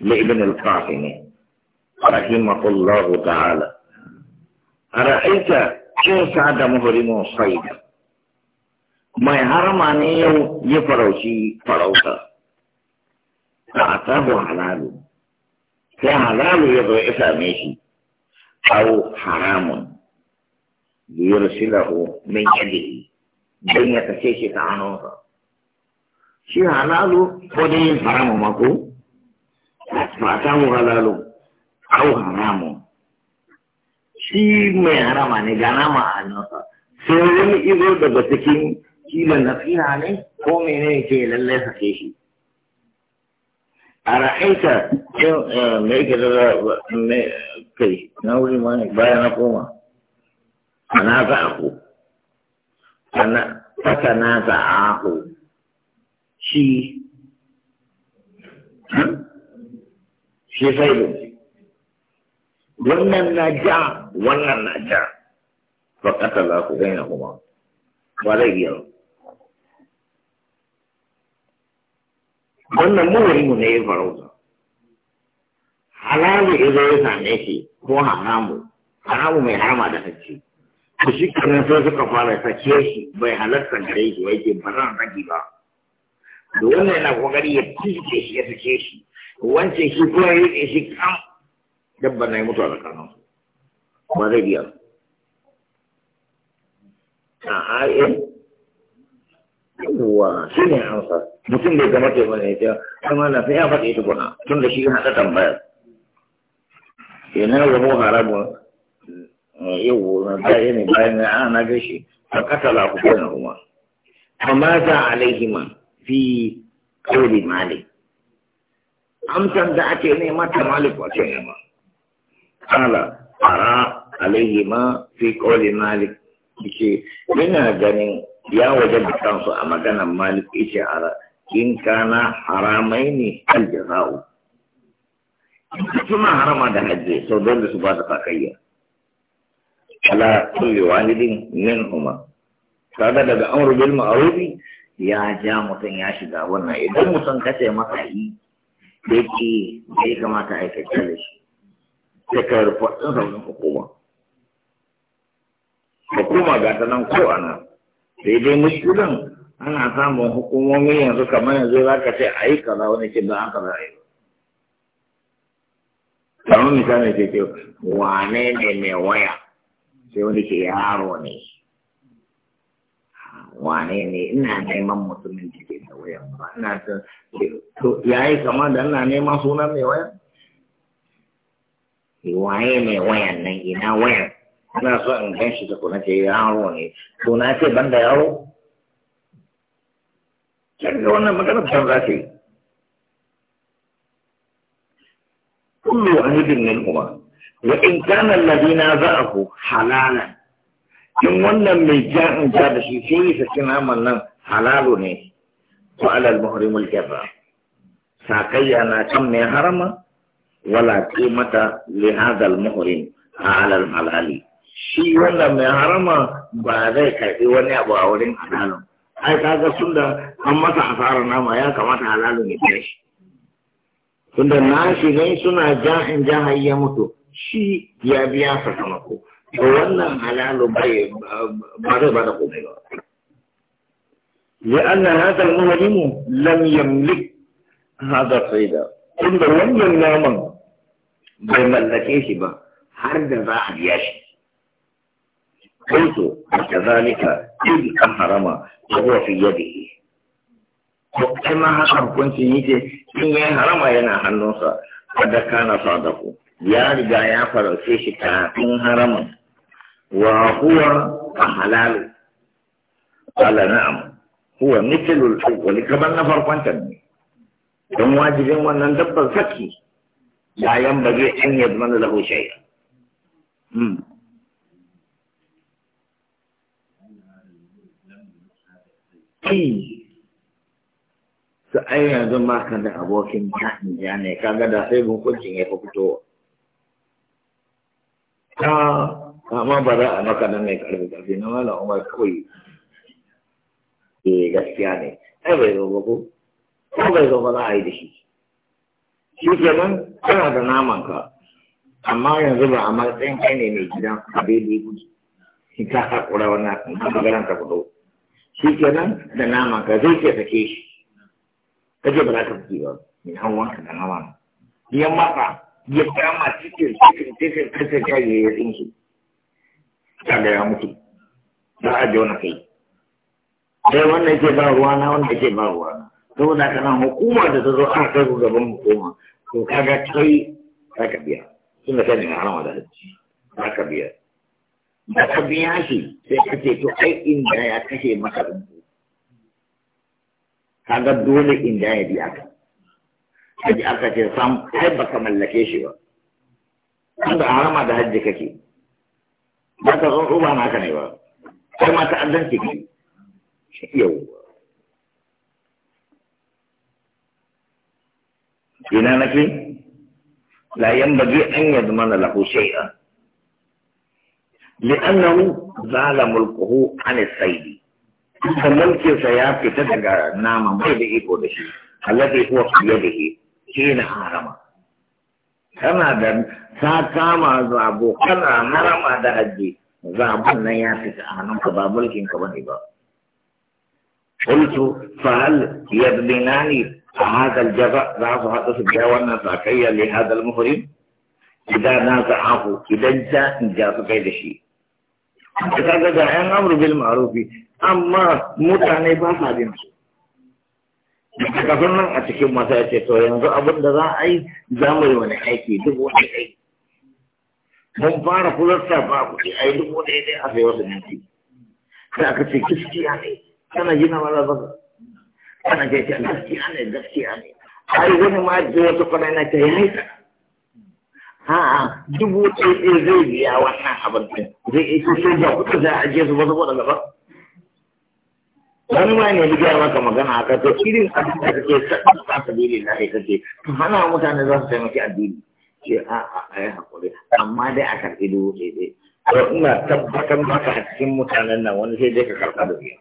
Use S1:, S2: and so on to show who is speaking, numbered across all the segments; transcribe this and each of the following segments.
S1: لابن القاسم رحمه الله تعالى أرأيت إن سعد مهرم صيد ما يحرم أن يفروشي فروتا فأتاه حلال فحلال يضوء إساميشي أو حرام ليرسله من يده بين تشيشة عنه شي حلال ودين حرام مكو matamu halalu au haramu shi mai harama ne ga nama a nasa. sai wani izo daga cikin kila nasiha ne ko mene ke lallai sake shi a ra'aita eh, eh, mai ke da kai na wuri ma bayan na koma ana za a ku fata na za a ku shi hmm? shi sai ne wannan na ja wannan na ja fa qatala ku bayna kuma ba zai ba. wannan mu ne ya farauta halalu idan ya same shi ko haramu haramu mai harama da hacci to shi kenan sai suka fara sake shi bai halarta gare shi wai ke ba zan ba da wannan yana kokari ya tike shi ya sake shi wance shi kuma ya rike shi kam dabban na yi mutuwa da tsakanin ba zai biya a ayin eh. yawwa shi ne amsa mutum bai gama taimaka ne ta kama na sai ya faɗi ita kuna tun da shi yana ta tambayar kenan zamo haramun eh, yawwa na daya ne bayan na ana gashi a katala ku kuma amma za a alaihima fi kauli malik amsan da ake nema ta malik wace nema kala ara alaihi ma fi qawli malik yace ina ganin ya waje da kansu a maganar malik yace ara in kana haramaini aljaza'u kuma harama da hajji sau da su ba da fakayya ala kulli min huma kada daga amru bil ma'ruf ya ja mutum ya shiga wannan idan mutum kace masa yi da yake da ya kamata a aikata da shi sai ka rufa ɗin hukuma hukuma ga ta nan ko a nan sai dai mutunan ana samun hukumomi yanzu kamar yanzu za ka ce a yi kaza wani ce ba an kaza a yi kamar misali ce ce wane ne mai waya sai wani ke yaro ne wane ne ina neman mutumin da da wayan ba ina ta to yayi kama da ina neman sunan mai wayan eh, waye mai wayan nan ina wayan ina so in gan shi da kuna ce yaro ne to na ce ban da yaro can ga wannan magana ta za ta yi kullu ahidin min huma wa in kana alladhina za'ahu halalan
S2: in wannan mai jan in ja
S1: da shi sai yi saki naman nan halalu ne ko alal muhrimul kafa sakayya na kan mai harama wala qimata li hadal muhrim alal halali shi wannan mai harama ba zai karbi wani abu a wurin halalu. ai sun da an masa asarar nama ya kamata halalu halalun ya tashi tunda nashi ne suna ja in ja har mutu shi ya biya sakamako To wannan halalu bai ba zai ba da komai ba. Li'an na hada al'umarinu lam hada faida. Inda wannan naman bai mallake shi ba har da za a biya shi. Kaito, a kazalika, ibi kan harama, ta zuwa fi yadda yi. Kuma hakan kun ce yi ce, in harama yana hannunsa, kada kana sadaku. da ya riga ya farauce shi kafin haramun wa huwa a halalu ala na'am huwa mitilul wani kamar na farkon ne don wajibin wannan dabbar zaki Ya yan bage an yadman lahu shay'a hmm su ai yanzu ma da abokin ta ne kaga da sai hukuncin ya fito ta amma ba za a maka nan mai karfi karfi na mala umar kawai eh gaskiya ne ai bai zo ba ko ko bai zo ba za a yi da shi shi kenan kana da naman ka amma yanzu ba a matsayin kai ne mai gidan abin da ya gudu shi ta haƙura wannan magaran ta kudu shi kenan da naman ka zai ke sake shi kaje ba za ka fi ba mai hawan ka da naman biyan maka ya kama cikin cikin cikin cikin kayayyakin su kaga ya mutu za a ji wani kai sai wanda yake ba ruwa na wanda yake ba ruwa na saboda kana hukuma da ta zo a kai gaban hukuma to kaga kai ka biya tunda kai ne harama da hajji ka biya da ka biya shi sai ka ce to ai inda ya kashe maka rubu kaga dole inda ya biya ka haji aka ce sam ai baka mallake shi ba an da harama da hajji kake ba ka zo ba naka ne ba kai ma ta addanci ke yau ina nake لا ينبغي أن يضمن له شيئا لأنه زال ملكه عن السيد فملك سيافي تدقى نام ميد إيكو الذي هو في يده ƙena harama. Tana da ta kama zabo, kana harama da haji zabon nan ya fi tsanin ka ba mulkin ka bane ba. Kultu fa'al yadlinani a hadal jaza za su haɗu su biya wannan sakayya le hadal muhuri? Idan na ta idan ja in ja su kai da shi. Ka ga ga ƴan ma'rufi amma mutane ba sa bin su. daga nan a cikin masa ya ce to yanzu abin da za a yi za mu yi wani aiki duk wani aiki mun fara kulasta ba kuɗi a yi duk wani aiki a sai wasu yanki da aka ce gaskiya ne kana gina maza ba kana ce ce gaskiya ne gaskiya ne ai wani ma je wasu kwanai na ce yayi a'a dubu ɗaya zai biya wannan abin zai iya kusa da kuɗi za a su wasu waɗanda gaba
S2: wani ma ne ya maka
S1: magana haka to irin abin da kake sabon sabili na ne kake to hana mutane za su taimaki addini ce a a a yi hakuri amma dai a karɓi dubu ɗaya ɗaya to ina tabbatar maka a cikin mutanen nan wani sai dai ka karɓa da biya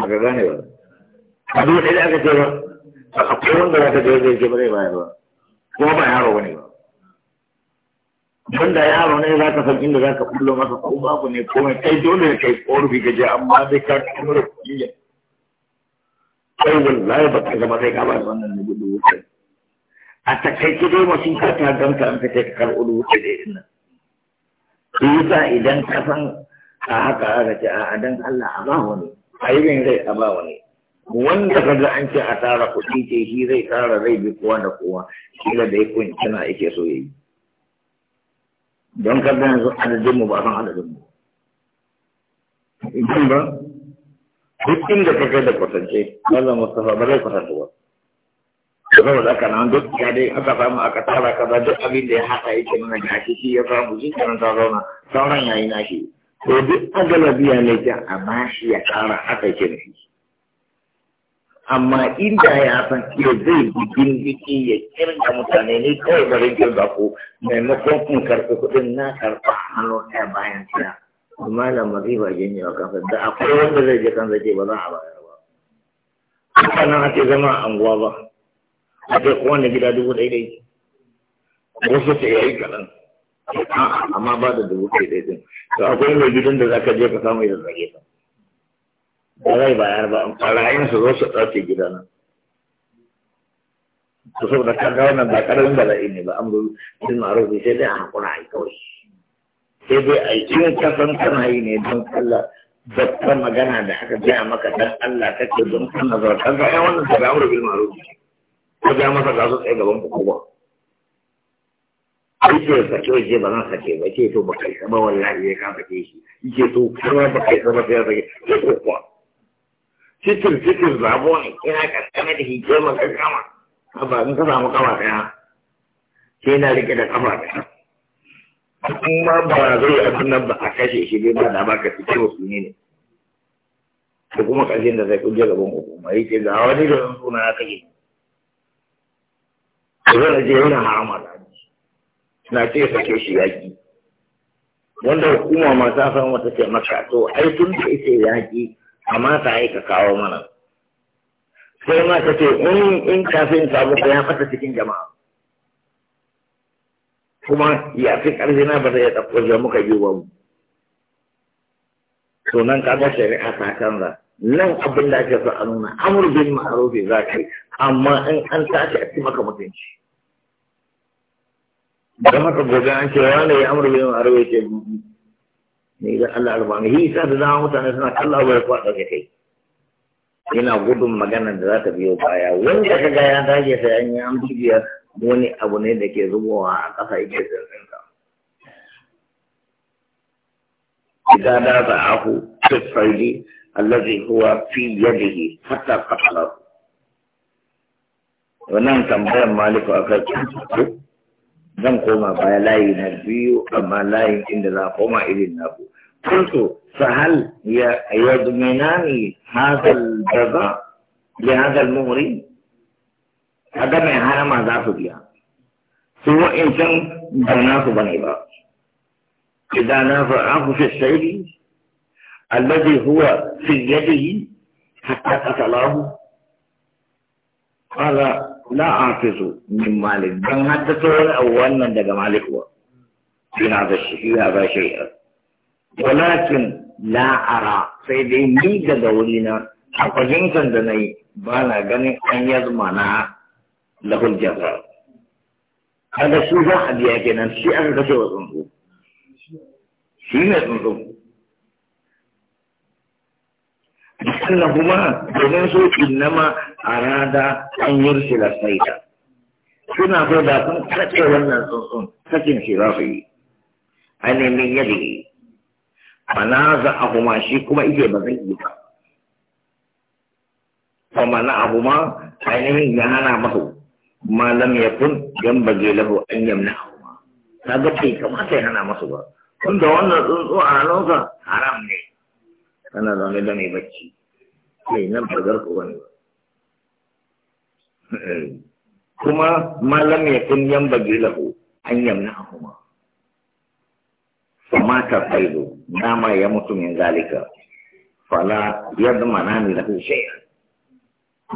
S1: maka gane ba a dubu ɗaya da aka ce ba akwai wanda za ka je zai ce ba zai bayar ba kuma ba yaro ba ne ba wanda yaro ne za ka san inda za ka kullo masa ko babu ne komai kai dole ne kai korufi ga je amma sai ka kuma da kuɗi ne
S2: kai wallahi ba ka zama
S1: sai ka ba wannan ne gudu wuce a takaice dai wasu ka ta danta an fice ka karɓo da wuce dai ina yi sa idan ka san a haka aka ce a dan Allah a ba wani a yi min zai a ba wani wanda kaga an ce a tara kuɗi ce shi zai tara zai bi kowa da kowa shi da ya kunci na yake so ya yi don kada yanzu adadin mu ba san adadin mu idan ba duk inda ka kai da kwatance wannan mustafa ba zai kwatanta ba saboda haka nan duk ya dai aka samu aka tara kaza duk abin da ya haɗa yake nuna ga shi ya samu shi kan ta zauna sauran yayi nashi
S2: to duk agalabiya ne ta
S1: amma shi ya tsara haka yake nufi amma inda ya san iya zai bikin biki ya kirga mutane ne kawai barin kirga ko maimakon kun karɓi kuɗin na karfa hannu ɗaya bayan siya amma lamari ba janye wa kansa da akwai wanda zai je kansa ce ba za a bayar ba haka nan ake zama a anguwa ba ake ce kowane gida dubu ɗaya ɗaya wasu ce ya yi kaɗan amma ba da dubu ɗaya ɗaya ɗin to akwai mai gidan da za ka je ka samu ya zage ka ba zai bayar ba ɓarayin su zo su ɗauke gidana to so ka ga wannan ba ƙaramin bala'i ne ba amru bin ma'ruf sai dai a hakura ai kawai sai dai ai in ka san kana yi ne don Allah babban magana da aka gaya maka dan Allah kake don kana zuwa ka ga ai wannan daga amru bin ma'ruf ko ga masa ga su tsaye gaban ku kuma ai ce ka ce je ba zan sake ba ce to ba kai ba wallahi ya ka sake shi yake to kuma ba kai ba sai ya sake ko kuwa cikin cikin zabo ne ina kankana da hikiman ka kama haba in ka samu kama ɗaya sai na rike da kama ɗaya kuma ba zai abin nan ba a kashe shi dai ba da ba ka fice wasu ne ne da kuma ƙarshen da zai kuje gaban hukuma yake ga wani da suna ya kashe na je yana harama da na ce sake shi yaƙi
S2: wanda hukuma ma
S1: ta san wata ce maka to ai tun da ita yaƙi ta yi ka kawo mana sai ma ta ce in kafin samu ko ya fata cikin jama'a kuma ya fi ƙarfi na ba zai ya ɗauko da muka yi wa mu to nan shari'a ta canza nan abin da ake so a nuna amurbin bin ma'arufi za ka yi amma in an tashi a ci maka mutunci don haka gobe an ce wani ya amur bin ma'arufi ce ne da Allah alba shi sa da zama mutane suna kallon abu kuwa ɗauke kai yana gudun magana da za ta biyo baya Wani ka ga ya dage sai an yi bibiya wani abu ne da ke zubowa a ƙasa yake zirgin ka
S2: idan da ta aku
S1: tsifaili allazi huwa fi yadihi hatta qatala wannan tambayar maliku akai zan koma baya layi na biyu amma layin inda za koma irin naku kuntu sahal ya yadminani hadha al-jaza li hadha al-muhri kaga mai harama za su biya su wa'incan ba nasu bane ba idan na fa'ahu fi sayyidi alladhi huwa fi yadihi hatta qatalahu qala la afizu min malik dan haddasa wannan daga malik wa Ina da shi hada shay'a walakin la ara sai dai ni daga wuri na a fahimtar da yi ba na ganin an yazma na lahul jaza kada za a biya kenan shi aka kashe wa tsuntsu shi ne tsuntsu kuma, domin so nama innama arada an yursila saita suna so da sun kace wannan tsuntsun sakin shi za su yi A ainihin yadda yi mana za a kuma shi kuma ike ba zai yi ba fa mana a huma ya hana mahu malam ya kun yan bage lahu an yamna huma ta ga bai kamata ya hana masu ba Tun tunda wannan tsuntsu a hannunsa haram ne ana zaune da mai bacci sai nan ba zarko wani ba eh. kuma malam ya kun yan bage lahu an yamna kuma amma ta faido dama ya mutu min zalika fala yadda mana ne lahu shay'a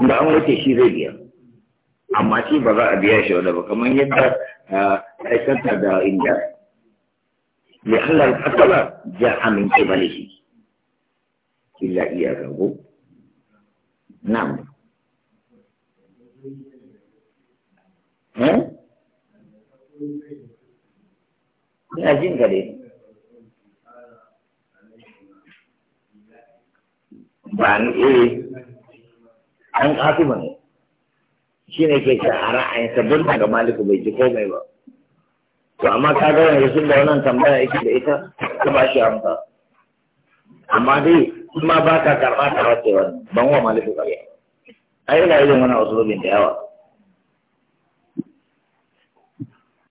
S1: da an wuce shi zai biya amma shi ba za a biya shi wadda ba kamar yadda eh, aikata da inda لأن الأصل جاء من قبله illa iya rago nam eh ina jin ka dai ba ni eh an kafi ba ne shi ne ke shahara a yin sabbin daga maliku bai ji komai ba to amma ka ga yanzu sun da wannan tambaya ita da ita ta ba shi amsa amma dai kuma ba ka karɓa ka race wani ban wa malibu ƙarya ai ina irin wani usulubin da yawa